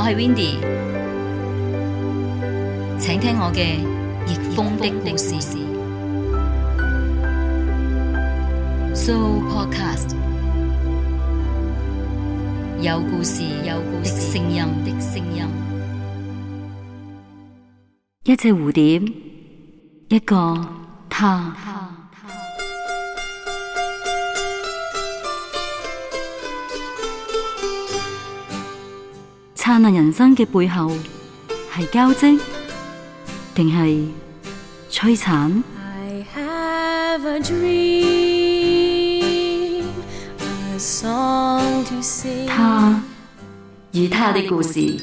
我係 Windy，請聽我嘅逆風的故事。So podcast 有故事，有故事聲音的聲音，一隻蝴蝶，一個他。燦爛人生嘅背後，係交織定係摧殘？I have a dream, a song to sing. 他與他的故事。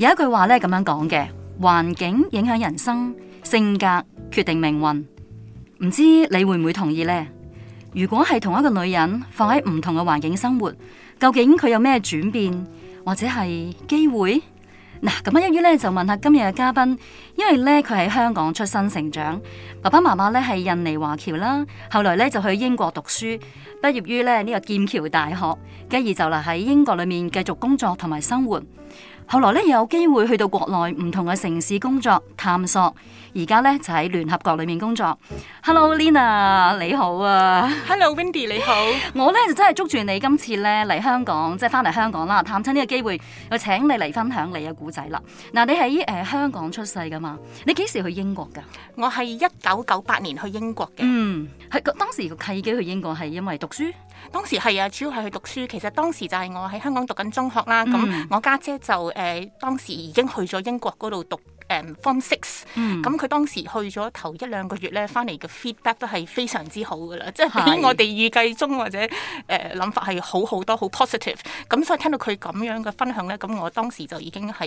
有一句話咧咁樣講嘅，環境影響人生，性格決定命運。唔知你會唔會同意呢？如果係同一個女人放喺唔同嘅環境生活，究竟佢有咩轉變或者係機會？嗱，咁樣一於咧就問下今日嘅嘉賓，因為咧佢喺香港出生成長，爸爸媽媽咧係印尼華僑啦，後來咧就去英國讀書，畢業於咧呢個劍橋大學，繼而就留喺英國裏面繼續工作同埋生活。後來咧有機會去到國內唔同嘅城市工作探索，而家咧就喺聯合國裏面工作。Hello Lina，你好啊！Hello Windy，你好。我咧就真係捉住你今次咧嚟香港，即係翻嚟香港啦，探親呢個機會，我請你嚟分享你嘅故仔啦。嗱，你喺誒、呃、香港出世噶嘛？你幾時去英國噶？我係一九九八年去英國嘅。嗯，係當時嘅契機去英國係因為讀書。當時係啊，主要係去讀書。其實當時就係我喺香港讀緊中學啦。咁、嗯、我家姐、姐就誒、呃、當時已經去咗英國嗰度讀。誒 form six，咁佢、嗯、當時去咗頭一兩個月咧，翻嚟嘅 feedback 都係非常之好噶啦，即係比我哋預計中或者誒諗、呃、法係好好多，好 positive、嗯。咁所以聽到佢咁樣嘅分享咧，咁我當時就已經係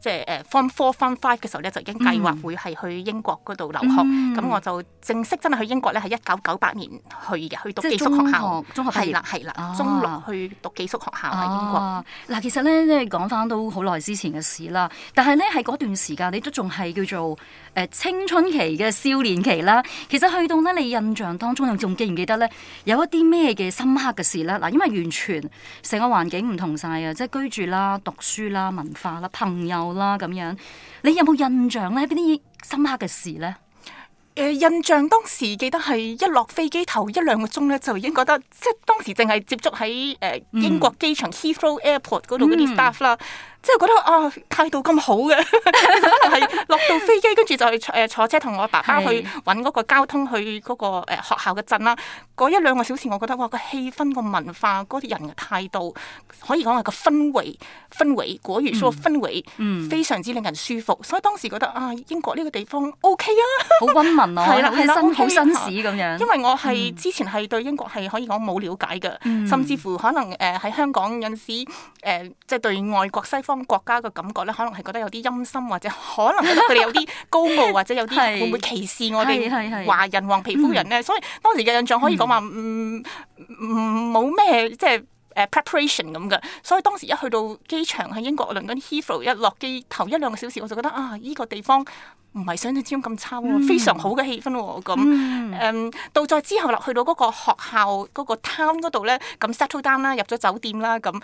即係誒 form four form five 嘅時候咧，就已經計劃會係去英國嗰度留學。咁、嗯嗯、我就正式真係去英國咧，係一九九八年去嘅，去讀寄宿學,學校，中學係啦，係啦是，中六是、啊、去讀寄宿學校喺英國。嗱、啊啊啊啊啊，其實咧即係講翻都好耐之前嘅事啦，但係咧喺嗰段時間亦都仲係叫做誒青春期嘅少年期啦，其實去到咧你印象當中，又仲記唔記得咧？有一啲咩嘅深刻嘅事咧？嗱，因為完全成個環境唔同晒啊，即係居住啦、讀書啦、文化啦、朋友啦咁樣，你有冇印象咧？邊啲深刻嘅事咧？誒、呃，印象當時記得係一落飛機頭一兩個鐘咧，就已經覺得即係當時淨係接觸喺誒英國機場 Heathrow Airport 嗰度嗰啲 staff 啦。嗯嗯即係覺得啊態度咁好嘅，係落到飛機跟住就誒坐車同我爸爸去揾嗰個交通去嗰、那個誒、呃、學校嘅鎮啦。一兩個小時我覺得哇、那個氣氛、那個文化嗰啲、那個、人嘅態度，可以講係個氛圍氛圍果如所氛圍非常之令人舒服。所以當時覺得啊英國呢個地方 OK 啊，啊 啊好温文咯，好紳士好、啊、紳士咁樣，因為我係之前係對英國係可以講冇了解嘅，嗯、甚至乎可能誒喺香港有陣時誒、呃、即係對外國西,西。方國家嘅感覺咧，可能係覺得有啲陰森，或者可能佢哋有啲高傲， 或者有啲會唔會歧視我哋，華人黃皮膚人咧。 所以當時嘅印象可以講話，唔唔冇咩即係誒 preparation 咁嘅。所以當時一去到機場喺英國倫敦 Heathrow 一落機頭一兩個小時，我就覺得啊，依、這個地方。唔係想象之中咁差喎，非常好嘅氣氛喎、啊，咁、嗯、誒，嗯、到再之後落去到個學校、那個 town 度咧，咁 settle down 啦，入咗酒店啦，咁誒，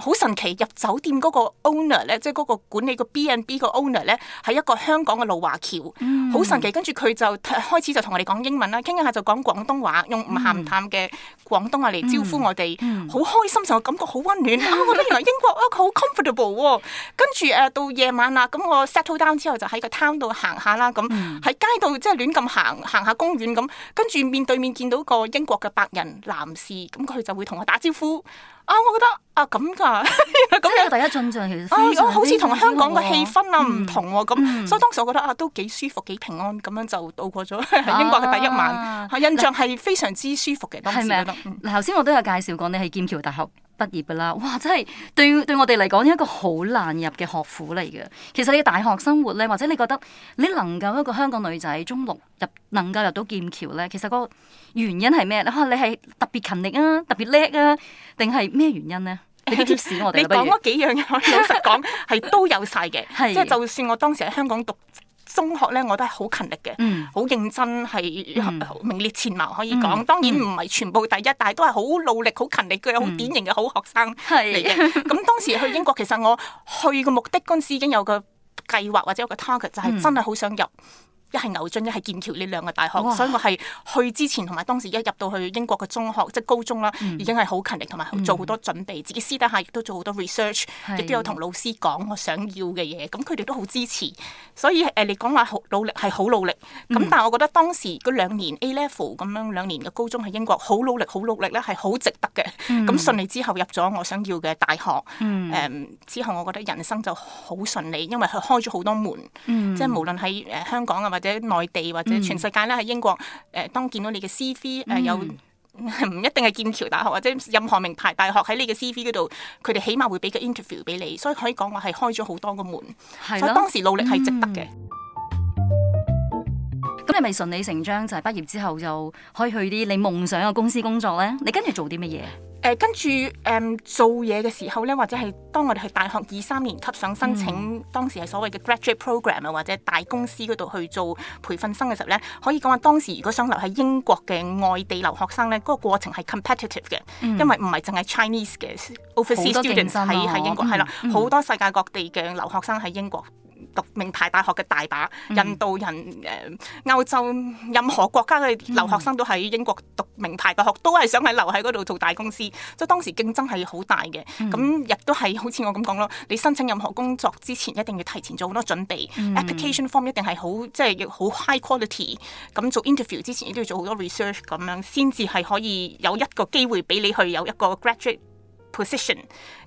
好、嗯、神奇，入酒店個 owner 咧，即、就、係、是、個管理個 B and B 個 owner 咧，係一個香港嘅老華僑，好、嗯、神奇。跟住佢就開始就同我哋講英文啦，傾一下就講廣東話，用唔咸唔淡嘅廣東話嚟招呼我哋，好、嗯嗯、開心，就感覺好温暖啊！我覺得原來英國啊，佢好 comfortable 跟住誒到夜晚啦，咁我 settle down 之後就喺個 town 度。行下啦，咁喺街度即係亂咁行，行下公園咁，跟住面對面見到個英國嘅白人男士，咁佢就會同我打招呼。啊，我覺得啊咁噶，咁樣 第一印象其實非常非常非常、啊、好似同香港嘅氣氛啊唔同咁，嗯嗯、所以當時我覺得啊都幾舒服，幾平安咁樣就度過咗 英國嘅第一晚。印象係非常之舒服嘅，啊、當時覺得。嗱嗎，頭先、嗯、我都有介紹過你喺劍橋大學。畢業㗎喇，哇！真係對對我哋嚟講，一個好難入嘅學府嚟嘅。其實你大學生活咧，或者你覺得你能夠一個香港女仔中六入能夠入到劍橋咧，其實個原因係咩咧？嚇、啊，你係特別勤力啊，特別叻啊，定係咩原因咧？欸、你啲貼士我哋畢業，你講嗰幾樣嘢， 老實講係 都有晒嘅，即係 是就，就算我當時喺香港讀。中學咧，我都係好勤力嘅，好、嗯、認真，係名列前茅可以講。嗯、當然唔係全部第一，嗯、但係都係好努力、好勤力嘅，好、嗯、典型嘅好學生嚟嘅。咁是 當時去英國，其實我去嘅目的嗰陣時已經有個計劃或者有個 target，就係、是、真係好想入。嗯一係牛津，一係劍橋呢兩個大學，哇所以我係去之前同埋當時一入到去英國嘅中學，即係高中啦，已經係好勤力，同埋做好多準備，嗯、自己私底下亦都做好多 research，亦都是有同老師講我想要嘅嘢，咁佢哋都好支持。所以誒你講話好努力係好努力，咁、嗯、但係我覺得當時兩年 A level 咁樣兩年嘅高中喺英國好努力，好努力咧係好值得嘅。咁順、嗯、利之後入咗我想要嘅大學，誒、嗯、之後我覺得人生就好順利，因為佢開咗好多門，即係無論喺誒香港啊。或者，內地或者全世界咧，喺英國，誒、呃、當見到你嘅 CV 誒，有唔、嗯、一定係劍橋大學或者任何名牌大學喺你嘅 CV 嗰度，佢哋起碼會俾個 interview 俾你，所以可以講我係開咗好多個門，的所以當時努力係值得嘅。嗯係咪順理成章就係、是、畢業之後就可以去啲你夢想嘅公司工作咧？你跟住做啲乜嘢？誒、呃，跟住誒、呃、做嘢嘅時候咧，或者係當我哋去大學二三年級想申請當時係所謂嘅 graduate program 啊，或者大公司嗰度去做培訓生嘅時候咧，可以講話當時如果想留喺英國嘅外地留學生咧，嗰、那個過程係 competitive 嘅，嗯、因為唔係淨係 Chinese 嘅、嗯、overseas、啊、students 喺英國，係啦、嗯，好、嗯、多世界各地嘅留學生喺英國。讀名牌大學嘅大把印度人、誒、呃、歐洲任何國家嘅留學生都喺英國讀名牌大學，都係想喺留喺嗰度做大公司，即係當時競爭係好大嘅。咁、嗯、亦都係好似我咁講咯，你申請任何工作之前一定要提前做好多準備、嗯、application form 一定係好即係要好 high quality。咁做 interview 之前都要做好多 research 咁樣，先至係可以有一個機會俾你去有一個 graduate position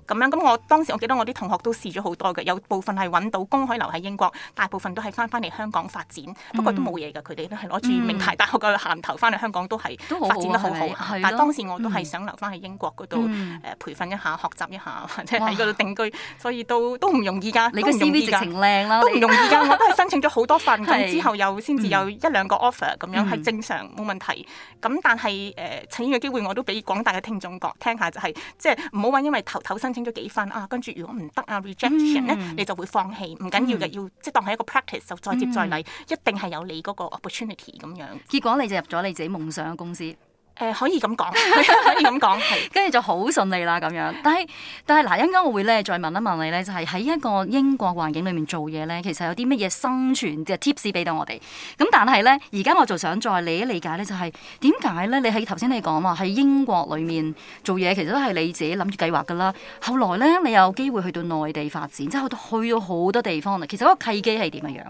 咁樣咁，我當時我記得我啲同學都試咗好多嘅，有部分係揾到工可以留喺英國，大部分都係翻翻嚟香港發展，不過都冇嘢嘅，佢哋都係攞住名牌大學嘅銜頭翻嚟香港，都係發展得好好。但係當時我都係想留翻喺英國嗰度誒培訓一下、學習一下，或者喺嗰度定居。所以都都唔容易㗎，都唔容易㗎，都唔容易㗎。我都係申請咗好多份，咁之後又先至有一兩個 offer 咁樣，係正常冇問題。咁但係誒，請嘅機會我都俾廣大嘅聽眾講聽下，就係即係。唔好話，因為頭頭申請咗幾份啊，跟住如果唔得啊 rejection 咧，rejection, mm hmm. 你就會放棄。唔緊、mm hmm. 要嘅，要即係當係一個 practice，就再接再厲，mm hmm. 一定係有你嗰個 opportunity 咁樣。結果你就入咗你自己夢想嘅公司。誒、呃，可以咁講，可以咁講，係，跟住 就好順利啦咁樣。但係，但係嗱，一陣間我會咧再問一問你咧，就係、是、喺一個英國環境裏面做嘢咧，其實有啲乜嘢生存嘅 tips 俾到我哋？咁但係咧，而家我就想再理一理解咧、就是，就係點解咧？你喺頭先你講話，喺英國裏面做嘢，其實都係你自己諗住計劃噶啦。後來咧，你有機會去到內地發展，即、就、係、是、去到去到好多地方啊。其實個契機係點樣樣？誒、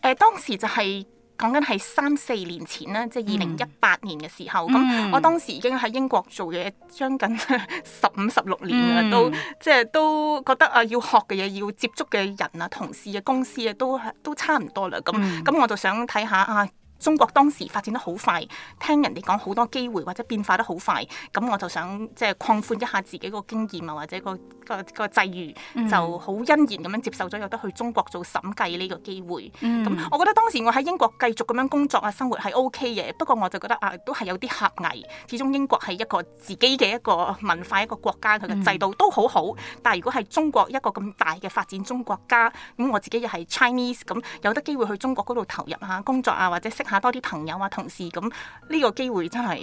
呃，當時就係、是。講緊係三四年前啦，即係二零一八年嘅時候。咁、嗯、我當時已經喺英國做嘢，將近十五十六年啦，嗯、都即係、就是、都覺得啊，要學嘅嘢，要接觸嘅人啊，同事啊公司啊，都都差唔多啦。咁咁、嗯、我就想睇下啊。中國當時發展得好快，聽人哋講好多機會或者變化得好快，咁我就想即係擴寬一下自己個經驗啊，或者個個個際遇，mm. 就好欣然咁樣接受咗有得去中國做審計呢個機會。咁我覺得當時我喺英國繼續咁樣工作啊，生活係 OK 嘅，不過我就覺得啊都係有啲狹隘。始終英國係一個自己嘅一個文化、一個國家，佢嘅制度都好好。但係如果係中國一個咁大嘅發展中國家，咁我自己又係 Chinese 咁，有得機會去中國嗰度投入下工作啊，或者適合。多啲朋友啊，同事咁，呢個機會真係，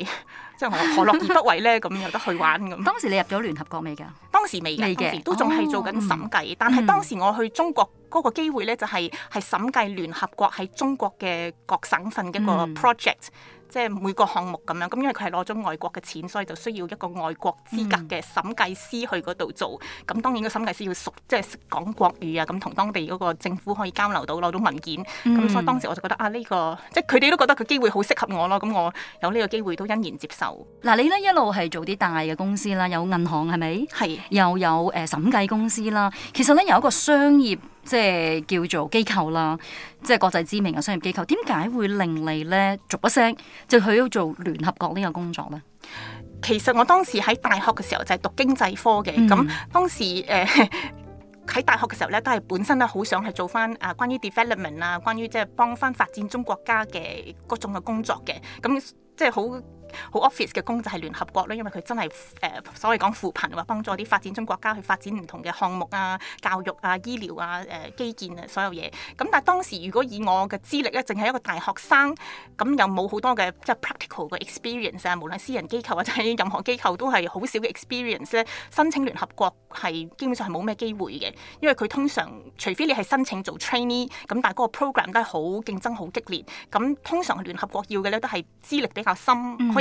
即係我何樂而不為咧？咁 有得去玩咁。當時你入咗聯合國未㗎？當時未，未嘅，當時都仲係做緊審計。哦嗯、但係當時我去中國嗰個機會咧，就係係審計聯合國喺中國嘅各省份嘅一個 project，嗯。即係每個項目咁樣，咁因為佢係攞咗外國嘅錢，所以就需要一個外國資格嘅審計師去嗰度做。咁，嗯，當然個審計師要熟，即係識講國語啊，咁同當地嗰個政府可以交流到攞到文件。咁，嗯，所以當時我就覺得啊，呢個即係佢哋都覺得佢機會好適合我咯。咁我有呢個機會都欣然接受。嗱，你呢一路係做啲大嘅公司啦，有銀行係咪？係，又有誒審計公司啦。其實呢，有一個商業。即係叫做機構啦，即係國際知名嘅商業機構，點解會令你咧，逐一聲就去咗做聯合國呢個工作咧？其實我當時喺大學嘅時候就係讀經濟科嘅，咁、嗯、當時誒喺、呃、大學嘅時候咧都係本身咧好想係做翻啊關於 development 啊，關於即係幫翻發展中國家嘅各種嘅工作嘅，咁即係好。好 office 嘅工就係聯合國咧，因為佢真係誒、呃、所謂講扶貧或幫助啲發展中國家去發展唔同嘅項目啊、教育啊、醫療啊、誒、呃、基建啊所有嘢。咁但係當時如果以我嘅資歷咧，淨係一個大學生，咁又冇好多嘅即係 practical 嘅 experience 啊，無論私人機構或者任何機構都係好少嘅 experience 咧。申請聯合國係基本上係冇咩機會嘅，因為佢通常除非你係申請做 trainee，咁但係嗰個 program 都係好競爭好激烈。咁通常聯合國要嘅咧都係資歷比較深，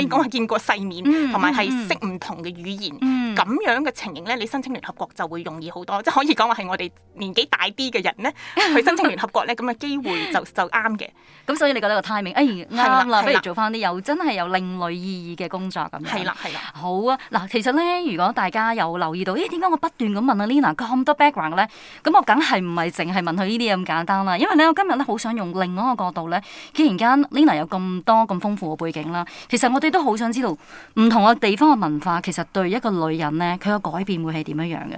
講話、嗯、見過世面，同埋係識唔同嘅語言，咁、嗯嗯、樣嘅情形咧，你申請聯合國就會容易好多，即係、嗯、可以講話係我哋年紀大啲嘅人咧，去申請聯合國咧，咁嘅 機會就就啱嘅。咁所以你覺得個 timing 誒、哎、啱啦，不如做翻啲有真係有另類意義嘅工作咁樣。係啦，係啦。好啊，嗱，其實咧，如果大家有留意到，咦、哎，點解我不斷咁問阿、啊、Lina 咁多 background 咧？咁我梗係唔係淨係問佢呢啲咁簡單啦？因為咧，我今日咧好想用另外一個角度咧，既然間 Lina 有咁多咁豐富嘅背景啦，其實我對都好想知道唔同嘅地方嘅文化，其實對一個女人咧，佢嘅改變會係點樣樣嘅？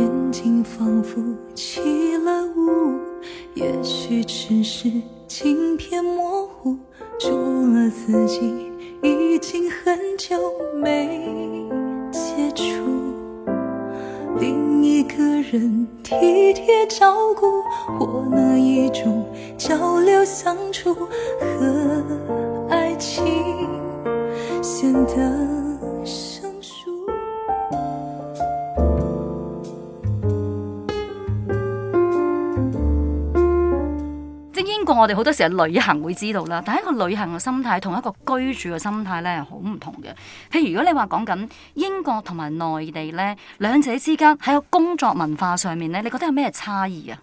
眼睛仿佛起了霧，也許只是鏡片模糊，除了自己已經很久沒接觸另一個人體貼照顧，那一種交流相處和愛情。即係英國，我哋好多時係旅行會知道啦，但係一個旅行嘅心態，同一個居住嘅心態咧係好唔同嘅。譬如如果你話講緊英國同埋內地咧，兩者之間喺個工作文化上面咧，你覺得有咩差異啊？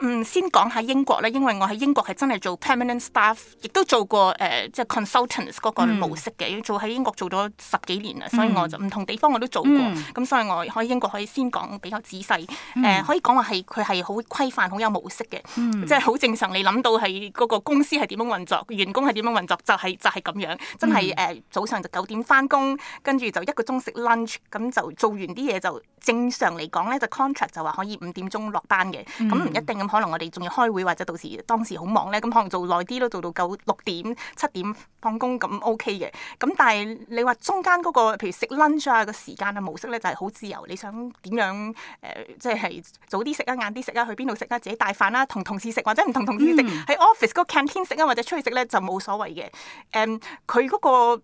嗯，先講下英國咧，因為我喺英國係真係做 permanent staff，亦都做過誒、呃、即係 consultants 嗰個模式嘅。嗯、做喺英國做咗十幾年啦，所以我就唔同地方我都做過，咁、嗯、所以我可以英國可以先講比較仔細，誒、嗯呃、可以講話係佢係好規範好有模式嘅，嗯、即係好正常。你諗到係個公司係點樣運作，員工係點樣運作，就係、是、就係、是、咁樣，真係誒、嗯呃、早上就九點翻工，跟住就一個鐘食 lunch，咁就做完啲嘢就正常嚟講咧，就 contract 就話可以五點鐘落班嘅，咁唔一定、嗯可能我哋仲要開會，或者到時當時好忙咧，咁可能做耐啲都做到九六點七點放工咁 OK 嘅。咁但係你話中間嗰、那個，譬如食 lunch 啊個時間啊模式咧，就係好自由，你想點樣誒、呃，即係早啲食啊，晏啲食啊，去邊度食啊？自己帶飯啦、啊，同同事食或者唔同同事食，喺、嗯、office 嗰個 canteen 食啊，或者出去食咧就冇所謂嘅。誒、嗯，佢嗰、那個。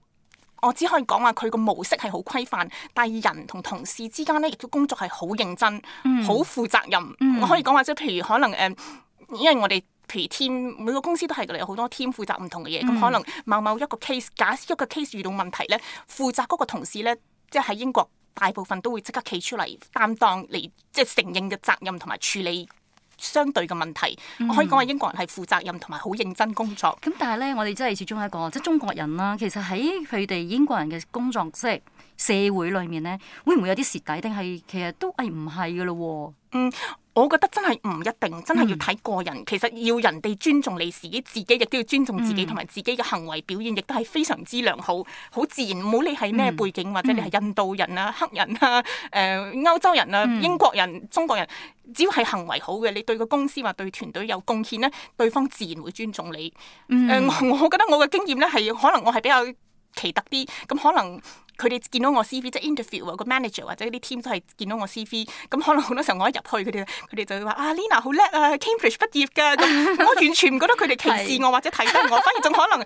我只可以講話佢個模式係好規範，但係人同同事之間咧，亦都工作係好認真、好、mm. 負責任。Mm. 我可以講話即係譬如可能誒、呃，因為我哋譬如 team 每個公司都係嘅，有好多 team 負責唔同嘅嘢。咁、mm. 可能某某一個 case，假設一個 case 遇到問題咧，負責嗰個同事咧，即係喺英國大部分都會即刻企出嚟擔當嚟，即係承認嘅責任同埋處理。相對嘅問題，我可以講話英國人係負責任同埋好認真工作。咁、嗯嗯、但係咧，我哋真係始終係一個即係、就是、中國人啦、啊。其實喺佢哋英國人嘅工作，即係。社會裏面咧，會唔會有啲蝕底？定係其實都係唔係嘅咯？嗯，我覺得真係唔一定，真係要睇個人。嗯、其實要人哋尊重你自己，自己亦都要尊重自己，同埋、嗯、自己嘅行為表現，亦都係非常之良好，好自然。唔好理係咩背景，嗯、或者你係印度人啊、嗯、黑人啊、誒、呃、歐洲人啊、嗯、英國人、中國人，只要係行為好嘅，你對個公司或對團隊有貢獻咧，對方自然會尊重你。誒、嗯呃，我覺得我嘅經驗咧係可能我係比較奇特啲，咁可能。佢哋見到我 CV 即係 interview 個 manager 或者啲 team 都係見到我 CV，咁可能好多時候我一入去，佢哋佢哋就會話，啊，Lina 好叻啊，Cambridge 畢業㗎，咁我完全唔覺得佢哋歧視我或者睇低我，反而仲可能。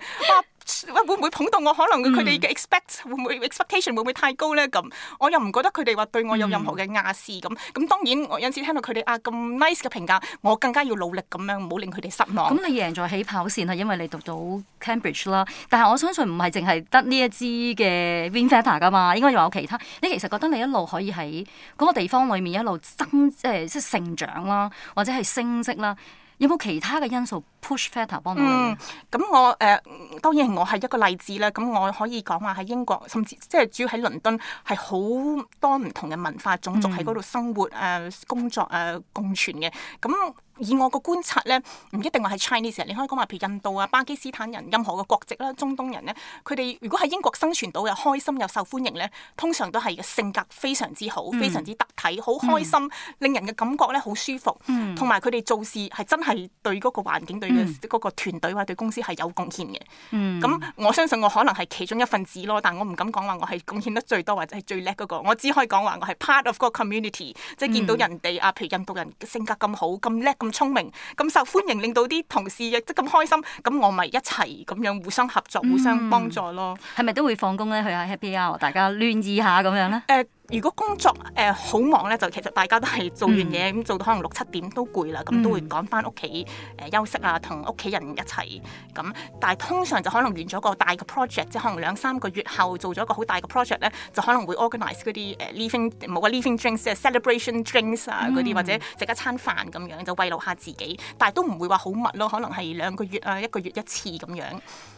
會唔會捧到我？可能佢哋嘅 expect、mm. 會唔會 expectation 會唔會太高咧？咁我又唔覺得佢哋話對我有任何嘅壓師咁。咁、mm. 當然，我有時聽到佢哋啊咁 nice 嘅評價，我更加要努力咁樣，唔好令佢哋失望。咁你贏在起跑線係，因為你讀到 Cambridge 啦。但係我相信唔係淨係得呢一支嘅 investor 噶嘛，應該有其他。你其實覺得你一路可以喺嗰個地方裡面一路增，呃、即係即係成長啦，或者係升職啦。有冇其他嘅因素 push factor 幫到你？咁、嗯、我誒、呃、當然我係一個例子啦。咁我可以講話喺英國，甚至即係主要喺倫敦，係好多唔同嘅文化、種族喺嗰度生活、誒、呃、工作、誒、呃、共存嘅。咁、嗯以我個觀察咧，唔一定話係 Chinese 啊！你可以講話，譬如印度啊、巴基斯坦人、任何嘅國籍啦、中東人咧，佢哋如果喺英國生存到又開心又受歡迎咧，通常都係性格非常之好，嗯、非常之得體，好開心，嗯、令人嘅感覺咧好舒服，嗯、同埋佢哋做事係真係對嗰個環境、對嗰個團隊或者對公司係有貢獻嘅。咁、嗯、我相信我可能係其中一份子咯，但我唔敢講話我係貢獻得最多或者係最叻嗰、那個。我只可以講話我係 part of 個 community，即係見到人哋啊，譬如印度人性格咁好、咁叻、咁聰明咁受歡迎，令到啲同事亦都咁開心，咁我咪一齊咁樣互相合作、嗯、互相幫助咯。係咪都會放工咧？去下 happy hour，大家亂意下咁樣咧。呃如果工作誒、呃、好忙咧，就其實大家都係做完嘢咁，嗯、做到可能六七點都攰啦，咁都會趕翻屋企誒休息啊，同屋企人一齊咁。但係通常就可能完咗個大嘅 project，即可能兩三個月後做咗個好大嘅 project 咧，就可能會 organize 嗰啲誒、呃、leaving 冇啊 leaving drinks 啊 celebration drinks 啊嗰啲，或者食一餐飯咁樣，就慰勞下自己。但係都唔會話好密咯，可能係兩個月啊，一個月一次咁樣。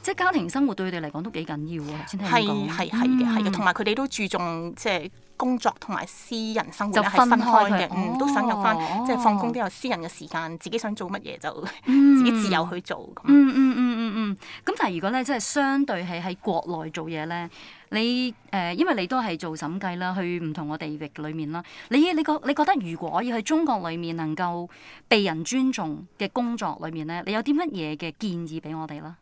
即係家庭生活對佢哋嚟講都幾緊要啊！先聽係嘅，係嘅。同埋佢哋都注重即係。工作同埋私人生活就係分開嘅、哦嗯，都想入翻、哦、即係放工都有私人嘅時間，自己想做乜嘢就自己自由去做。嗯嗯嗯嗯嗯，咁但係如果咧，即係相對係喺國內做嘢咧，你誒、呃、因為你都係做審計啦，去唔同個地域裡面啦，你你覺你覺得如果要去中國裡面能夠被人尊重嘅工作裏面咧，你有啲乜嘢嘅建議俾我哋啦？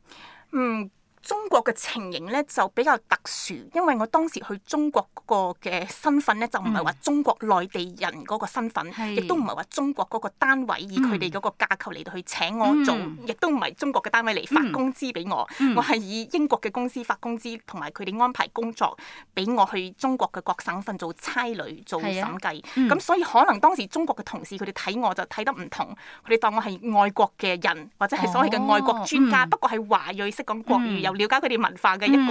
嗯。中國嘅情形咧就比較特殊，因為我當時去中國個嘅身份咧就唔係話中國內地人嗰個身份，亦都唔係話中國嗰個單位以佢哋嗰個架構嚟到去請我做，亦、嗯、都唔係中國嘅單位嚟發工資俾我。嗯嗯、我係以英國嘅公司發工資同埋佢哋安排工作俾我去中國嘅各省份做差旅、做審計，咁、啊嗯、所以可能當時中國嘅同事佢哋睇我就睇得唔同，佢哋當我係外國嘅人，或者係所謂嘅外國專家，哦嗯、不過係華裔識講國語。嗯了解佢哋文化嘅一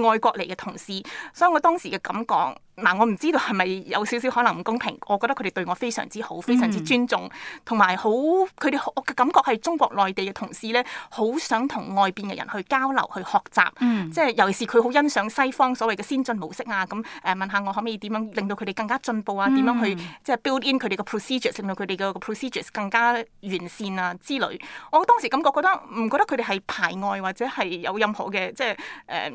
個外國嚟嘅同事，所以我當時嘅感覺。嗱，我唔知道係咪有少少可能唔公平。我覺得佢哋對我非常之好，非常之尊重，同埋好佢哋。我嘅感覺係中國內地嘅同事咧，好想同外邊嘅人去交流、去學習。即係、嗯、尤其是佢好欣賞西方所謂嘅先進模式啊，咁誒問下我可唔可以點樣令到佢哋更加進步啊？點、嗯、樣去即係 build in 佢哋嘅 procedures，令到佢哋嘅 procedures 更加完善啊之類。我當時感覺覺得唔覺得佢哋係排外或者係有任何嘅即係誒，呃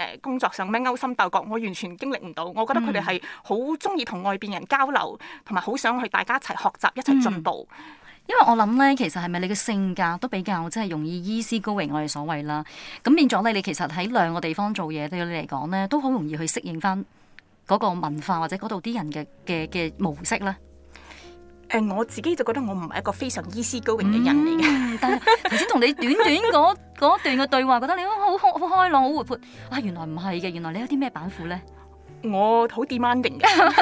誒工作上咩勾心鬥角，我完全經歷唔到。我覺得佢哋係好中意同外邊人交流，同埋好想去大家一齊學習，一齊進步、嗯。因為我諗咧，其實係咪你嘅性格都比較即係、就是、容易 easy-going，我哋所謂啦？咁變咗咧，你其實喺兩個地方做嘢對你嚟講咧，都好容易去適應翻嗰個文化或者嗰度啲人嘅嘅嘅模式啦。誒、呃、我自己就覺得我唔係一個非常 easygoing 嘅人嚟嘅，嗯，但係頭先同你短短嗰段嘅對話， 覺得你好好好開朗、好活潑，啊，原來唔係嘅，原來你有啲咩板斧咧？我好 demanding 嘅，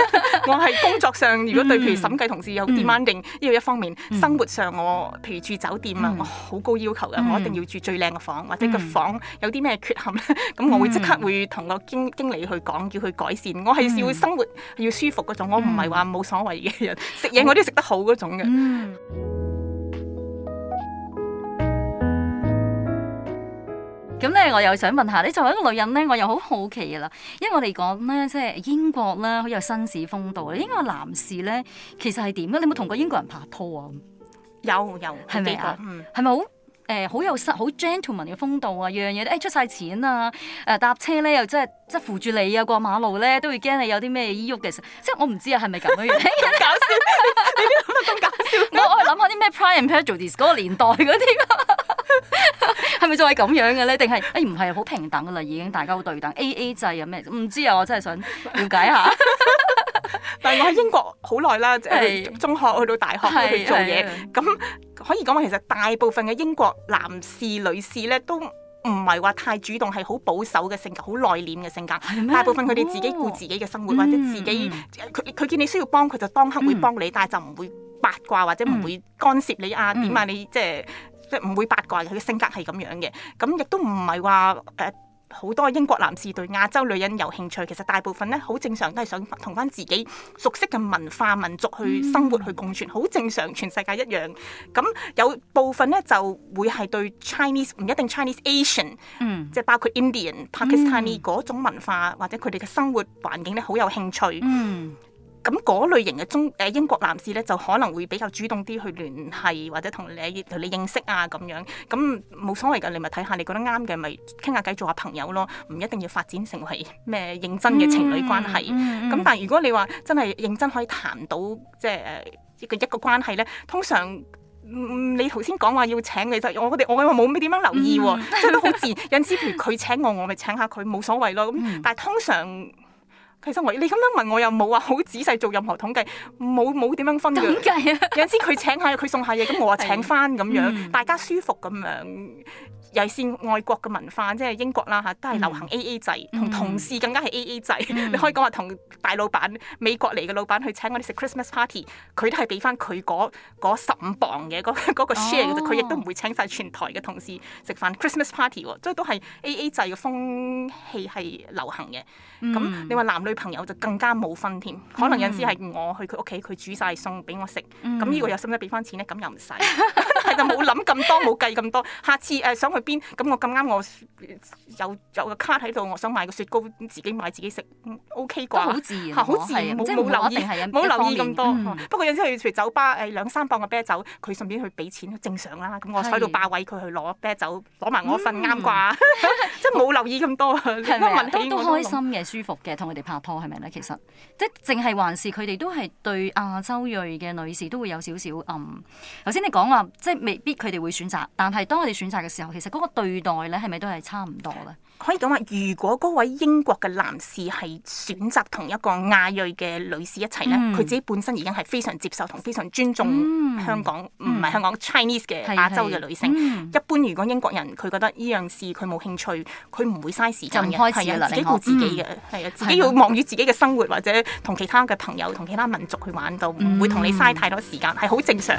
我係工作上如果對譬如審計同事有 demanding 呢個一方面，生活上我譬如住酒店啊，我好高要求嘅，我一定要住最靚嘅房，或者個房有啲咩缺陷咧，咁我會即刻會同個經經理去講，叫佢改善。我係要生活要舒服嗰種，我唔係話冇所謂嘅人，食嘢，我都要食得好嗰種嘅。咁咧，我又想問下你作為一個女人咧，我又好好奇啦，因為我哋講咧，即係英國咧，好有紳士風度。英國男士咧，其實係點咧？你有冇同過英國人拍拖啊？有有，係咪啊？係咪好誒？好、嗯呃、有好 gentleman 嘅風度啊！樣樣嘢都誒出晒錢啊！誒、呃、搭車咧，又、就是、即係即扶住你啊！過馬路咧，都會驚你有啲咩衣鬱嘅， 即係我唔知啊，係咪咁樣、啊？咁、 這個、搞笑！你咁都搞笑！我我係諗下啲咩 Pride and Prejudice 嗰個年代嗰啲。 係咪就係咁樣嘅咧？定係，誒唔係好平等噶啦？已經大家好對等 AA 制，有咩唔知啊？我真係想了解下。但係我喺英國好耐啦，誒，中學去到大學都去做嘢咁，可以講話其實大部分嘅英國男士、女士咧都唔係話太主動，係好保守嘅性格，好內斂嘅性格。大部分佢哋自己顧自己嘅生活，或者自己佢佢見你需要幫，佢就當刻會幫你，但係就唔會八卦或者唔會干涉你啊。點啊？你即係。即係唔會八卦，佢嘅性格係咁樣嘅。咁亦都唔係話誒好多英國男士對亞洲女人有興趣。其實大部分咧好正常，都係想同返自己熟悉嘅文化民族去生活去共存，好、嗯、正常，全世界一樣。咁有部分咧就會係對 Chinese 唔一定 Chinese Asian、嗯、即係包括 Indian、嗯、Pakistani 嗰種文化或者佢哋嘅生活環境咧好有興趣。嗯嗯咁嗰類型嘅中誒英國男士咧，就可能會比較主動啲去聯繫或者同你同你認識啊咁樣，咁冇所謂㗎，你咪睇下你覺得啱嘅，咪傾下偈做下朋友咯，唔一定要發展成為咩認真嘅情侶關係。咁、嗯嗯、但係如果你話真係認真可以談到即係一個一個關係咧，通常、嗯、你頭先講話要請你，就我我哋我冇咩點樣留意喎，即係都好自然，有時譬如佢請我，我咪請下佢，冇所謂咯。咁但係通常。嗯嗯生你咁樣問我又冇話好仔細做任何統計，冇冇點樣分統計啊？有時佢請下佢送下嘢，咁我話請翻咁的樣，大家舒服咁樣。又係先外國嘅文化，即係英國啦嚇，都係流行 A A 制，同、嗯、同事更加係 A A 制。嗯、 你可以講話同大老闆美國嚟嘅老闆去請我哋食 Christ、那個哦、Christmas party，佢都係俾翻佢嗰十五磅嘅嗰個 share。佢亦都唔會請晒全台嘅同事食飯 Christmas party 喎。即係都係 A A 制嘅風氣係流行嘅。咁、嗯、你話男女？朋友就更加冇分添，可能有陣時係我去佢屋企，佢煮晒餸俾我食，咁、嗯、呢個又使唔使俾翻錢咧？咁又唔使。就冇諗咁多，冇計咁多。下次誒想去邊？咁我咁啱，我有有個卡喺度，我想買個雪糕，自己買自己食，O K 啩？好自然好自然，冇留意，冇留意咁多。不過有時去酒吧誒兩三磅嘅啤酒，佢順便去俾錢，正常啦。咁我喺度霸位，佢去攞啤酒，攞埋我份啱啩？即係冇留意咁多。係咪？都開心嘅，舒服嘅，同佢哋拍拖係咪咧？其實即係淨係還是佢哋都係對亞洲裔嘅女士都會有少少暗。頭先你講話即未必佢哋會選擇，但係當我哋選擇嘅時候，其實嗰個對待咧，係咪都係差唔多咧？可以講話，如果嗰位英國嘅男士係選擇同一個亞裔嘅女士一齊咧，佢、嗯、自己本身已經係非常接受同非常尊重香港，唔係、嗯嗯、香港 Chinese 嘅亞洲嘅女性。一般如果英國人佢覺得呢樣事佢冇興趣，佢唔會嘥時間嘅，係自己顧自己嘅，係啊、嗯，自己要忙於自己嘅生活或者同其他嘅朋友同其他民族去玩到唔會同你嘥太多時間，係好正常。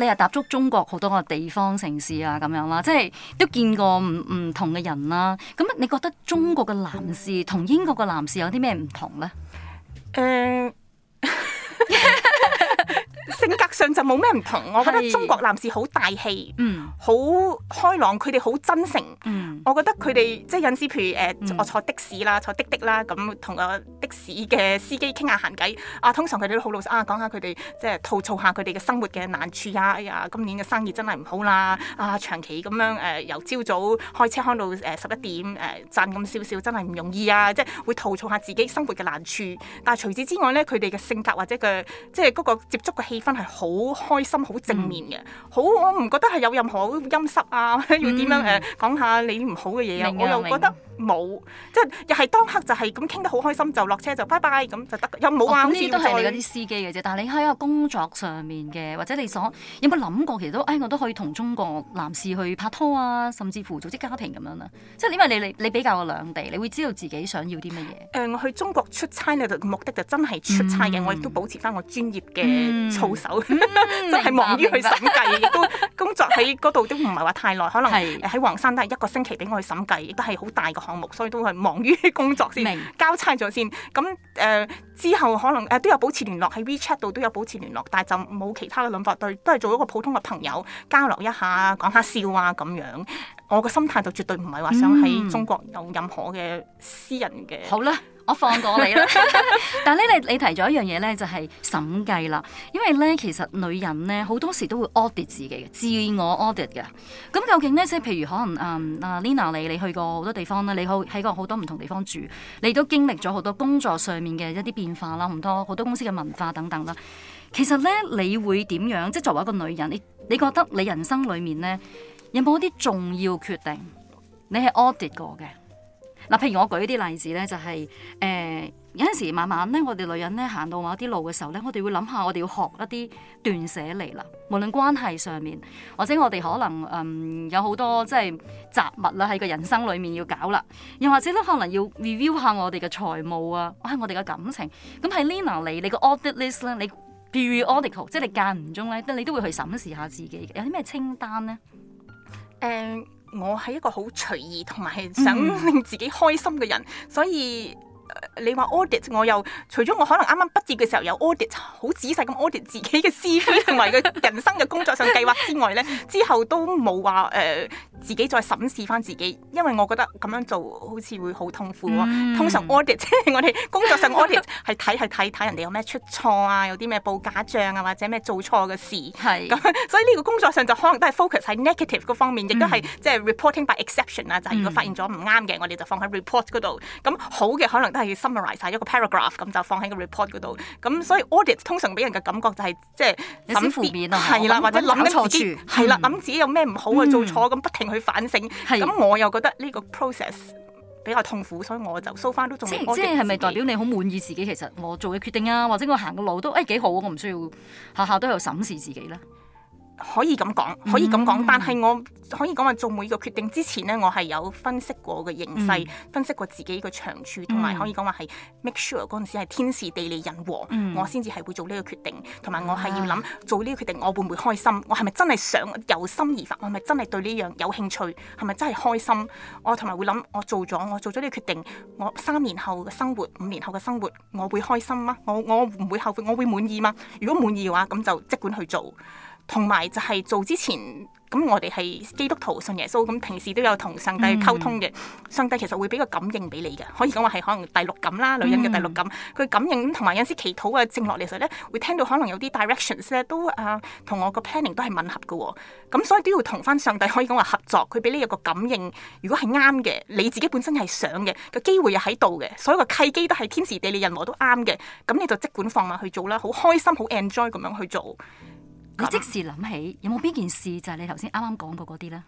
你又踏足中國好多個地方城市啊，咁樣啦，即係都見過唔唔同嘅人啦、啊。咁你覺得中國嘅男士同英國嘅男士有啲咩唔同呢？誒。嗯性格上就冇咩唔同，我覺得中國男士好大氣，嗯，好開朗，佢哋好真誠，嗯，我覺得佢哋即係有陣時譬如誒我坐的士啦，嗯、坐滴滴啦，咁同個的士嘅司機傾下閒偈，啊，通常佢哋都好老實啊，講下佢哋即係吐槽下佢哋嘅生活嘅難處啊，哎、啊、呀，今年嘅生意真係唔好啦、啊，啊，長期咁樣誒、啊、由朝早開車開到誒十一點誒賺咁少少真係唔容易啊，即係會吐槽下自己生活嘅難處，但係除此之外咧，佢哋嘅性格或者佢即係嗰個接觸嘅氣氛。真係好開心，好正面嘅，好、嗯、我唔覺得係有任何陰濕啊， 要點樣誒講、嗯呃、下你唔好嘅嘢啊，我又覺得。冇，即係又係當刻就係咁傾得好開心就落車就拜拜咁就得，又冇啱啲都係你嗰啲司機嘅啫。但係你喺個工作上面嘅，或者你所有冇諗過其實都，哎，我都可以同中國男士去拍拖啊，甚至乎組織家庭咁樣啊。即係因為你你你比較過兩地，你會知道自己想要啲乜嘢。誒、嗯，我去中國出差你就目的就真係出差嘅，嗯、我亦都保持翻我專業嘅操守，嗯嗯、 真係忙於去審計，亦都 工作喺嗰度都唔係話太耐，可能喺黃山都係一個星期俾我去審計，亦都係好大個。項目，所以都係忙於工作先，白交差咗先。咁誒、呃、之後可能誒、呃、都有保持聯絡喺 WeChat 度都有保持聯絡，但係就冇其他嘅諗法，對都係做一個普通嘅朋友交流一下，講下笑啊咁樣。我嘅心態就絕對唔係話想喺中國有任何嘅私人嘅、嗯。的好啦。我放過你啦，但係咧你你提咗一樣嘢咧，就係審計啦。因為咧其實女人咧好多時都會 audit 自己嘅，自我 audit 嘅。咁究竟咧，即係譬如可能嗯啊 Lina 你你去過好多地方啦，你好喺過好多唔同地方住，你都經歷咗好多工作上面嘅一啲變化啦，唔多好多公司嘅文化等等啦。其實咧，你會點樣，即係作為一個女人，你你覺得你人生裡面咧有冇一啲重要決定你係 audit 過嘅？嗱，譬如我舉啲例子咧，就係、是、誒、呃、有陣時慢慢咧，我哋女人咧行到某啲路嘅時候咧，我哋會諗下，我哋要學一啲斷捨離啦。無論關係上面，或者我哋可能嗯有好多、嗯、有好多即係雜物啦喺個人生裡面要搞啦，又或者咧可能要 review 下我哋嘅財務啊，啊我哋嘅感情。咁喺 Lina 嚟，你個 audit list 咧，你 periodical，即係你間唔中咧，你都會去審視下自己嘅，有啲咩清單咧？誒、嗯。我係一個好隨意，同埋想令自己開心嘅人，所以。你話 audit，我又除咗我可能啱啱畢業嘅時候有 audit，好仔細咁 audit 自己嘅 CV 同埋佢人生嘅工作上計劃之外咧，之後都冇話誒自己再審視翻自己，因為我覺得咁樣做好似會好痛苦喎、哦。嗯、通常 audit 即係我哋工作上 audit 係睇係睇睇人哋有咩出錯啊，有啲咩報假賬啊，或者咩做錯嘅事。係咁是， 所以呢個工作上就可能都係 focus 喺 negative 嗰方面，亦都係即係 reporting by exception 啊。就係如果發現咗唔啱嘅，我哋就放喺 report 嗰度。咁好嘅可能都～係 s u m m a r i z e 晒一個 paragraph 咁就放喺個 report 嗰度，咁所以 audit 通常俾人嘅感覺就係即係審負面係、啊、啦，的想或者諗緊啲係啦，諗自己有咩唔好啊，嗯、做錯咁不停去反省。咁的我又覺得呢個 process 比較痛苦，所以我就 so 收翻都仲。即係即係，係咪代表你好滿意自己？其實我做嘅決定啊，或者我行嘅路都誒、哎、幾好，我唔需要下下都有審視自己咧。可以咁講，可以咁講，但係我可以講話做每個決定之前咧，我係有分析過嘅形勢，嗯、分析過自己嘅長處，同埋可以講話係 make sure 嗰陣時係天時地利人和，嗯、我先至係會做呢個決定。同埋我係要諗做呢個決定，我會唔會開心？我係咪真係想由心而發？我係咪真係對呢樣有興趣？係咪真係開心？我同埋會諗我做咗我做咗呢個決定，我三年後嘅生活，五年後嘅生活，我會開心嗎？我我唔會後悔，我會滿意嗎？如果滿意嘅話，咁就即管去做。同埋就係做之前咁，我哋係基督徒信耶穌咁，平時都有同上帝溝通嘅。Mm hmm. 上帝其實會俾個感應俾你嘅，可以講話係可能第六感啦，女人嘅第六感。佢、mm hmm. 感應同埋有陣時祈禱嘅靜落嚟時咧，會聽到可能有啲 directions 咧，啊都啊同我個 planning 都係吻合嘅喎。咁所以都要同翻上帝可以講話合作，佢俾你一個感應。如果係啱嘅，你自己本身係想嘅，個機會又喺度嘅，所有個契機都係天時地利人和都啱嘅。咁你就即管放馬去做啦，好開心好 enjoy 咁樣去做。你即時諗起有冇邊件事，就係你頭先啱啱講過嗰啲呢？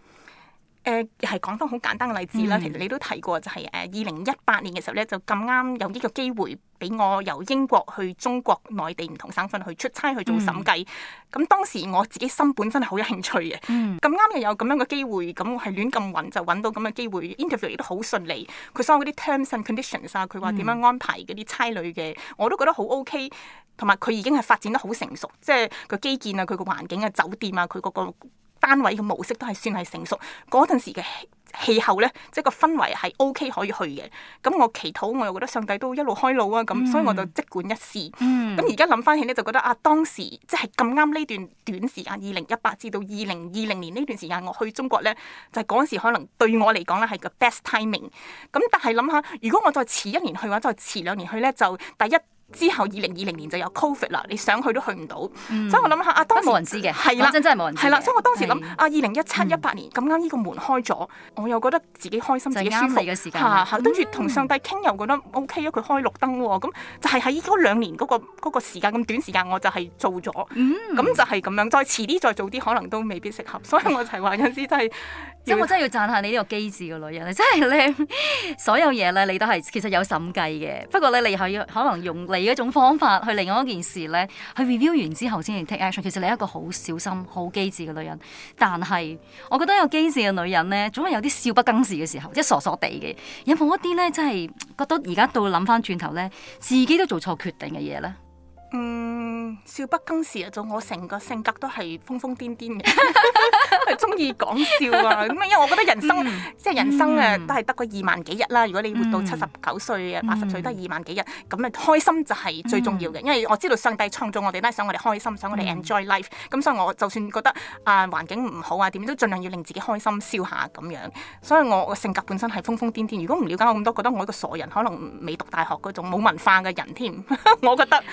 誒係、呃、講翻好簡單嘅例子啦，嗯、其實你都提過就係誒二零一八年嘅時候咧，就咁啱有呢個機會俾我由英國去中國內地唔同省份去出差去做審計。咁、嗯、當時我自己心本身係好有興趣嘅，咁啱、嗯、又有咁樣嘅機會，咁我係亂咁揾就揾到咁嘅機會 interview 亦都好順利。佢所有嗰啲 terms and conditions 啊，佢話點樣安排嗰啲差旅嘅，嗯、我都覺得好 OK。同埋佢已經係發展得好成熟，即係佢基建啊、佢個環境啊、酒店啊、佢嗰個。單位嘅模式都係算係成熟嗰陣時嘅氣候咧，即係個氛圍係 OK 可以去嘅。咁我祈禱我又覺得上帝都一路開路啊，咁、嗯、所以我就即管一試。咁而家諗翻起咧，就覺得啊，當時即係咁啱呢段短時間，二零一八至到二零二零年呢段時間，我去中國咧，就嗰時，可能對我嚟講咧係個 best timing。咁但係諗下，如果我再遲一年去嘅話，或者再遲兩年去咧，就第一。之後二零二零年就有 COVID 啦，你想去都去唔到，所以我諗下啊，當時冇人知嘅，係啦，真真係冇人知，係啦，所以我當時諗啊，二零一七一八年咁啱呢個門開咗，我又覺得自己開心，自己舒服，嘅時間，跟住同上帝傾又覺得 OK 咯，佢開綠燈喎，咁就係喺嗰兩年嗰個嗰個時間咁短時間，我就係做咗，咁就係咁樣，再遲啲再早啲可能都未必適合，所以我就係話有啲真係。即我真係要讚下你呢個機智嘅女人，真係你所有嘢咧，你都係其實有審計嘅。不過咧，你係可能用你嗰種方法去另外一件事咧，去 review 完之後先至 take action。其實你係一個好小心、好機智嘅女人。但係我覺得有機智嘅女人咧，總係有啲少不更事嘅時候，即係傻傻地嘅。有冇一啲咧，即係覺得而家到諗翻轉頭咧，自己都做錯決定嘅嘢咧？嗯，少不更事啊，仲我成個性格都係瘋瘋癲癲嘅，中意講笑啊。 咁因為我覺得人生、嗯、即係人生誒，都係得嗰二萬幾日啦。嗯，如果你活到七十九歲啊，八十歲都係二萬幾日。咁啊，嗯，開心就係最重要嘅。嗯，因為我知道上帝創造我哋都係，想我哋開心，嗯，想我哋 enjoy life。咁，嗯，所以我就算覺得啊環境唔好啊，點都盡量要令自己開心，笑下咁樣。所以我個性格本身係瘋瘋癲癲。如果唔了解我咁多，覺得我一個傻人，可能未讀大學嗰種冇文化嘅人添， 我覺得。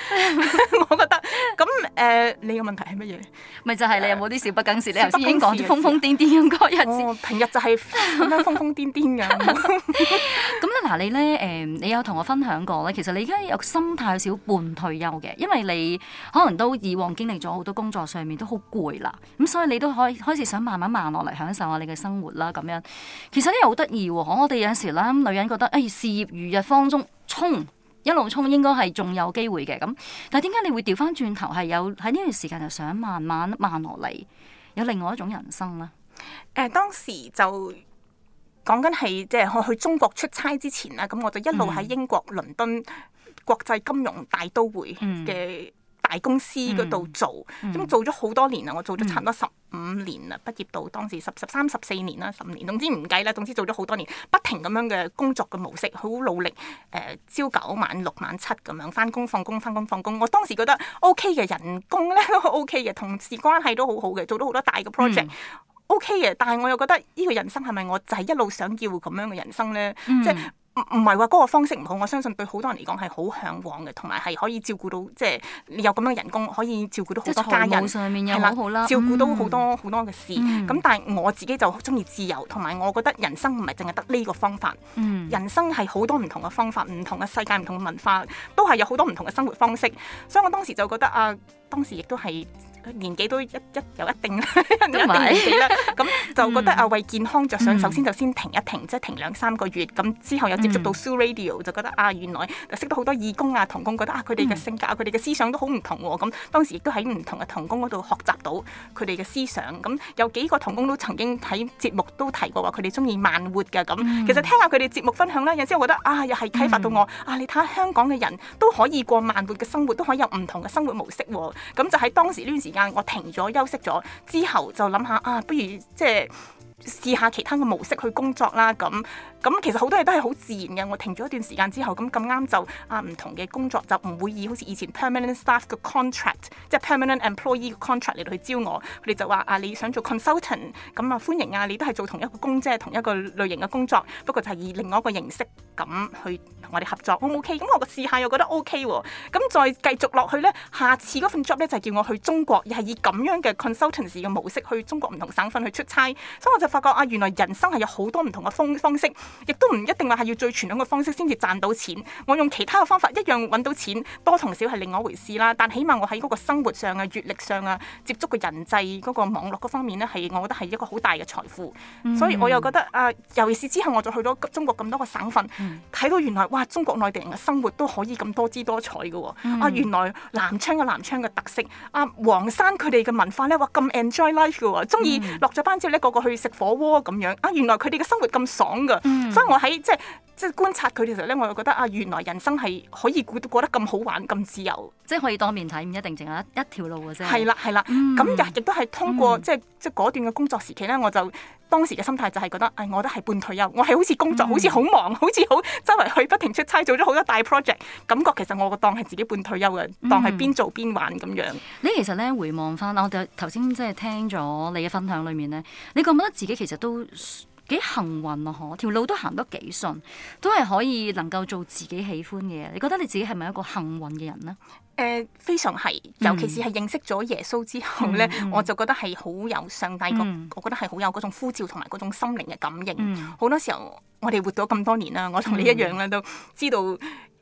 我覺得咁誒、呃，你個問題係乜嘢咪就係你有冇啲小不更事、呃、你頭先講住瘋瘋癲癲咁嗰日子、哦，平日就係咁 樣瘋瘋癲癲噶。咁咧嗱，你咧誒，你有同我分享過咧，其實你而家有心態有少半退休嘅，因為你可能都以往經歷咗好多工作上面都好攰啦，咁所以你都可以開始想慢慢慢落嚟享受下你嘅生活啦。咁樣其實呢，好得意，我哋有陣時咧，女人覺得誒、哎、事業如日方中，衝。一路衝應該係仲有機會嘅。咁，但係點解你會掉返轉頭係有喺呢段時間就想慢慢慢落嚟，有另外一種人生啦。誒、呃，當時就講緊係即係我去中國出差之前啦，咁我就一路喺英國倫敦國際金融大都會嘅。嗯嗯大公司嗰度、嗯嗯、做，咁做咗好多年啦，我做咗差唔多十五年啦，嗯、畢業到當時十十三十四年啦，十五年，總之唔計啦，總之做咗好多年，不停咁樣嘅工作嘅模式，好努力、呃，朝九晚六晚七咁樣翻工放工翻工放工，我當時覺得 O K 嘅人工咧 O K 嘅同事關係都好好嘅，做到好多大嘅 project O K 嘅，但係我又覺得呢個人生係咪我就係一路想要咁樣嘅人生呢？即係、嗯。嗯唔唔係話嗰個方式唔好，我相信對好多人嚟講係好嚮往嘅，同埋係可以照顧到，即係你有咁樣嘅人工可以照顧到好多家人、嗯、照顧到好多好多嘅事。咁、嗯、但係我自己就中意自由，同埋我覺得人生唔係淨係得呢個方法。嗯、人生係好多唔同嘅方法，唔同嘅世界，唔同嘅文化，都係有好多唔同嘅生活方式。所以我當時就覺得啊，當時亦都係。年紀都一一有一定一定年紀啦，咁就覺得啊為健康着想，首先就先停一停，即、就、係、是、停兩三個月，咁之後又接觸到 s h、嗯、radio，就覺得啊原來就識到好多義工啊同工，覺得啊佢哋嘅性格佢哋嘅思想都好唔同喎，咁、啊、當時亦都喺唔同嘅同工嗰度學習到佢哋嘅思想，咁、啊、有幾個同工都曾經喺節目都提過話佢哋中意慢活嘅，咁、啊、其實聽下佢哋節目分享咧，有時候覺得啊又係啟發到我啊，你睇下香港嘅人都可以過慢活嘅生活，都可以有唔同嘅生活模式喎，咁、啊、就喺當時呢時間我停咗休息咗之後就諗下啊，不如即係試下其他嘅模式去工作啦咁。咁其實好多嘢都係好自然嘅。我停咗一段時間之後，咁咁啱就啊唔同嘅工作就唔會以好似以前 permanent staff 嘅 contract，即係 permanent employee 嘅 contract 嚟去招我。佢哋就話啊你想做 consultant，咁啊歡迎啊你都係做同一個工，即係同一個類型嘅工作，不過就係以另外一個形式咁去同我哋合作，OK 唔 OK？咁我個試下又覺得 OK 喎。咁、嗯、再繼續落去呢，下次嗰份 job 咧就係叫我去中國，又係以咁樣嘅 consultant 嘅模式去中國唔同省份去出差。所以我就發覺啊，原來人生係有好多唔同嘅方式。亦都唔一定話係要最傳統嘅方式先至賺到錢，我用其他嘅方法一樣揾到錢，多同少係另外一回事啦。但起碼我喺嗰個生活上啊、閱歷上啊、接觸嘅人際嗰、嗰個網絡嗰方面呢係我覺得係一個好大嘅財富。嗯、所以我又覺得啊、呃，尤其是之後我再去咗中國咁多個省份，睇、嗯、到原來哇，中國內地人嘅生活都可以咁多姿多彩嘅喎、哦。嗯、啊，原來南昌嘅南昌嘅特色，啊，黃山佢哋嘅文化呢，話咁 enjoy life 嘅喎、哦，中意落咗班之後呢，個個去食火鍋咁樣。啊，原來佢哋嘅生活咁爽嘅。嗯啊所以我喺即係即係觀察佢嘅時候咧，我就覺得啊，原來人生係可以過過得咁好玩，咁自由，即係可以當面睇，唔一定淨係一一條路嘅啫。係啦，係啦，咁又、嗯、亦都係通過即係即係嗰段嘅工作時期咧，我就當時嘅心態就係覺得，唉、哎，我都係半退休，我係好似工作，嗯、好似好忙，好似好周圍去不停出差，做咗好多大 project，感覺其實我個當係自己半退休嘅，當係邊做邊玩咁、嗯、樣。你其實咧回望翻，我哋頭先即係聽咗你嘅分享裏面咧，你覺唔覺得自己其實都？幾幸運啊，嗬，條路都行得幾順，都係可以能夠做自己喜歡嘅。你覺得你自己係咪一個幸運嘅人呢？誒、呃，非常係，尤其是係認識咗耶穌之後咧，嗯、我就覺得係好有上帝個，嗯、我覺得係好有嗰種呼召同埋嗰種心靈嘅感應。好、嗯、多時候我哋活咗咁多年啦，我同你一樣啦，都知道。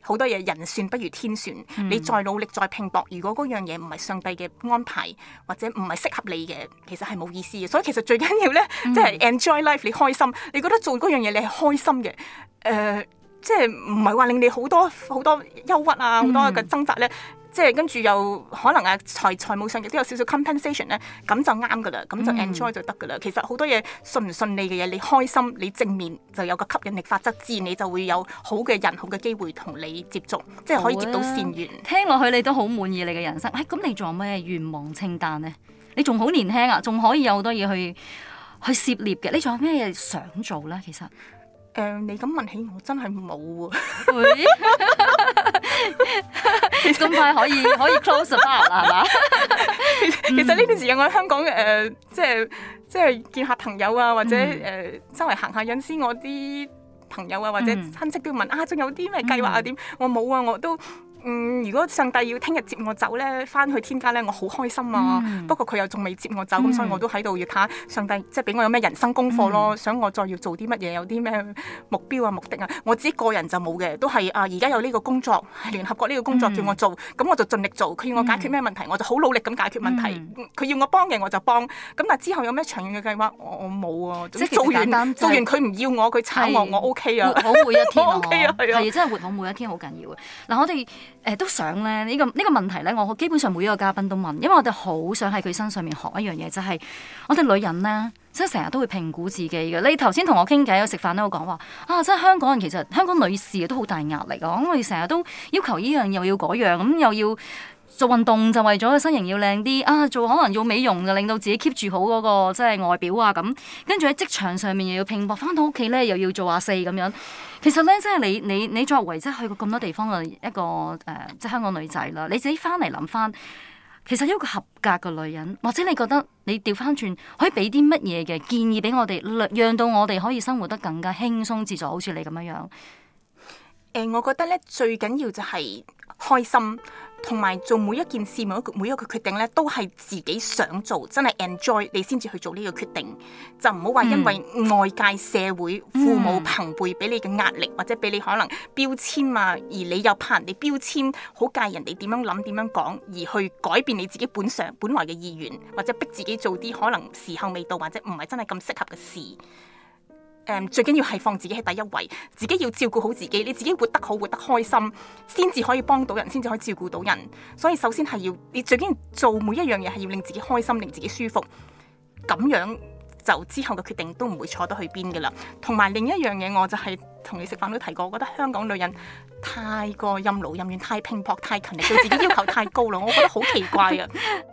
好多嘢，人算不如天算。嗯、你再努力再拼搏，如果嗰樣嘢唔係上帝嘅安排，或者唔係適合你嘅，其實，係冇意思嘅。所以其實最緊要咧，即係、嗯、enjoy life，你開心，你覺得做嗰樣嘢你係開心嘅，誒、呃，即係唔係話令你好多好多憂鬱啊，好多嘅掙扎咧。嗯即係跟住又可能啊財財務上亦都有少少 compensation 咧，咁就啱噶啦，咁就 enjoy 就得噶啦。嗯、其實好多嘢順唔順利嘅嘢，你開心，你正面就有個吸引力法則，自然你就會有好嘅人、好嘅機會同你接觸，即係可以接到善緣。啊、聽落去你都好滿意你嘅人生，哎，咁你仲有咩願望清單呢？你仲好年輕啊，仲可以有好多嘢去去涉獵嘅。你仲有咩嘢想做呢？其實誒、呃，你咁問起我真係冇喎。哎 你咁 快可以 可以 close the bar 啦，係嘛 吧？ 其實呢段時間我喺香港誒、呃，即係即係見下朋友啊，或者誒、嗯呃、周圍行下隱私，我啲朋友啊或者親戚都問啊，仲有啲咩計劃啊點？嗯、我冇啊，我都。嗯，如果上帝要聽日接我走咧，翻去天家咧，我好開心啊！不過佢又仲未接我走，咁所以我都喺度要睇下上帝，即係俾我有咩人生功課咯，想我再要做啲乜嘢，有啲咩目標啊、目的啊。我自己個人就冇嘅，都係啊，而家有呢個工作，聯合國呢個工作叫我做，咁我就盡力做。佢要我解決咩問題，我就好努力咁解決問題。佢要我幫嘅，我就幫。咁但之後有咩長遠嘅計劃，我我冇啊。即做完，做完佢唔要我，佢炒我，我 OK 啊！活每一天咯，係真係活好每一天好緊要嘅。嗱，我哋。誒都想咧呢個呢個問題咧，我基本上每一個嘉賓都問，因為我哋好想喺佢身上面學一樣嘢，就係我哋女人咧，即係成日都會評估自己嘅。你頭先同我傾偈，食飯都有講話啊，即係香港人其實香港女士都好大壓力啊，因為成日都要求呢樣又要嗰樣，咁又要。做運動就為咗身形要靚啲啊！做可能要美容就令到自己 keep 住好嗰個即係外表啊咁。跟住喺職場上面又要拼搏，翻到屋企咧又要做阿四咁樣。其實咧，即係你你你作為即係去過咁多地方嘅一個誒，即係香港女仔啦。你自己翻嚟諗翻，其實一個合格嘅女人，或者你覺得你調翻轉可以俾啲乜嘢嘅建議俾我哋，讓到我哋可以生活得更加輕鬆自在，好似你咁樣。誒，我覺得咧最緊要就係開心。同埋做每一件事，每一個每一個決定咧，都係自己想做，真係 enjoy 你先至去做呢個決定，就唔好話因為外界、嗯、社會、父母、朋輩俾你嘅壓力，或者俾你可能標籤啊，而你又怕人哋標籤，好介人哋點樣諗、點樣講，而去改變你自己本上本來嘅意願，或者逼自己做啲可能時候未到，或者唔係真係咁適合嘅事。最緊要係放自己喺第一位，自己要照顧好自己，你自己活得好、活得開心，先至可以幫到人，先至可以照顧到人。所以首先係要，你最緊要做每一樣嘢係要令自己開心、令自己舒服，咁樣就之後嘅決定都唔會錯得去邊噶啦。同埋另一樣嘢，我就係同你食飯都提過，我覺得香港女人太過任勞任怨、太拼搏、太勤力，對自己要求太高啦。 我覺得好奇怪啊！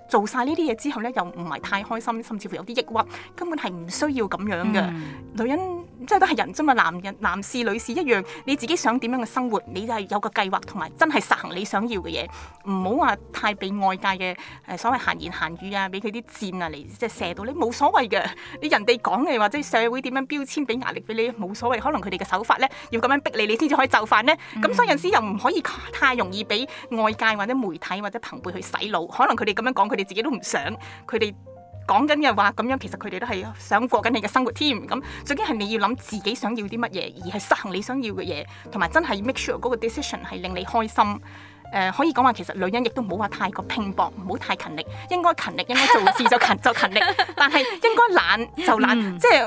做晒呢啲嘢之後呢，又唔係太開心，甚至乎有啲抑鬱，根本係唔需要咁樣嘅、嗯、女人。即係都係人中嘅男人、男士、女士一樣，你自己想點樣嘅生活，你就係有個計劃同埋真係實行你想要嘅嘢，唔好話太俾外界嘅誒所謂閒言閒語啊，俾佢啲箭啊嚟即係射到你，冇所謂嘅。你人哋講嘅或者社會點樣標籤，俾壓力俾你，冇所謂。可能佢哋嘅手法咧，要咁樣逼你，你先至可以就範呢。咁、嗯、所以有時又唔可以太容易俾外界或者媒體或者朋輩去洗腦。可能佢哋咁樣講，佢哋自己都唔想佢哋。講緊嘅話咁樣，其實佢哋都係想過緊你嘅生活添。咁最緊係你要諗自己想要啲乜嘢，而係實行你想要嘅嘢，同埋真係 make sure 嗰個 decision 係令你開心。誒、呃、可以講話，其實女人亦都唔好話太過拼搏，唔好太勤力，應該勤力應該做事就勤 就勤力，但係應該懶就懶，嗯、即係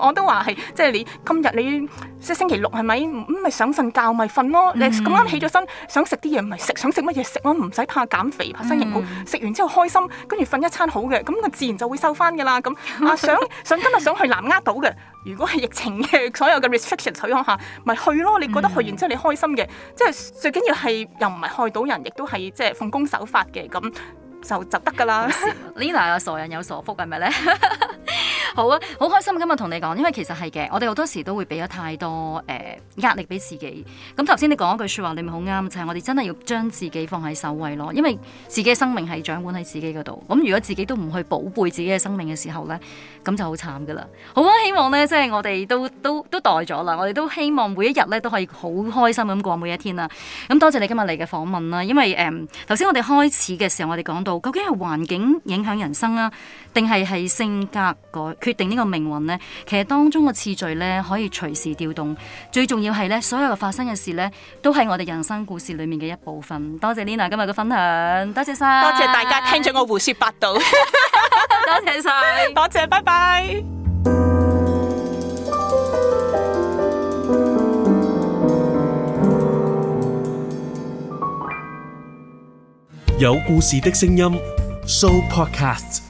我我都話係，即係你今日你即係星期六係咪？咁咪想瞓覺咪瞓咯，嗯、你咁啱起咗身想食啲嘢咪食，想食乜嘢食咯，唔使怕減肥怕身型好，食、嗯、完之後開心，跟住瞓一餐好嘅，咁佢自然就會瘦翻㗎啦咁。啊想想今日想去南丫島嘅，如果係疫情嘅所有嘅 restriction 情況下，咪去咯，你覺得去完之後你開心嘅，即係、嗯、最緊要係又唔係開。去到人亦都係即係奉公守法嘅，咁就就得㗎啦。Lina 啊，傻人有傻福，係咪咧？ 好啊，好開心今日同你講，因為其實係嘅，我哋好多時都會俾咗太多誒壓、呃、力俾自己。咁頭先你講一句説話，你咪好啱，就係、是、我哋真係要將自己放喺首位咯，因為自己嘅生命係掌管喺自己嗰度。咁如果自己都唔去寶貝自己嘅生命嘅時候呢，咁就好慘噶啦。好啊，希望呢，即係我哋都都都代咗啦，我哋都希望每一日呢都可以好開心咁過每一天啦。咁多謝你今日嚟嘅訪問啦，因為誒頭先我哋開始嘅時候，我哋講到究竟係環境影響人生啊，定係係性格改決定呢個命運呢，其實當中個次序呢，可以隨時調動。最重要係呢，所有發生嘅事呢，都係我哋人生故事裏面嘅一部分。多謝 Lina 今日嘅分享，多謝晒，多謝大家聽咗我胡說八道。 多謝晒你，多謝，拜拜。有故事的聲音，Show Podcast。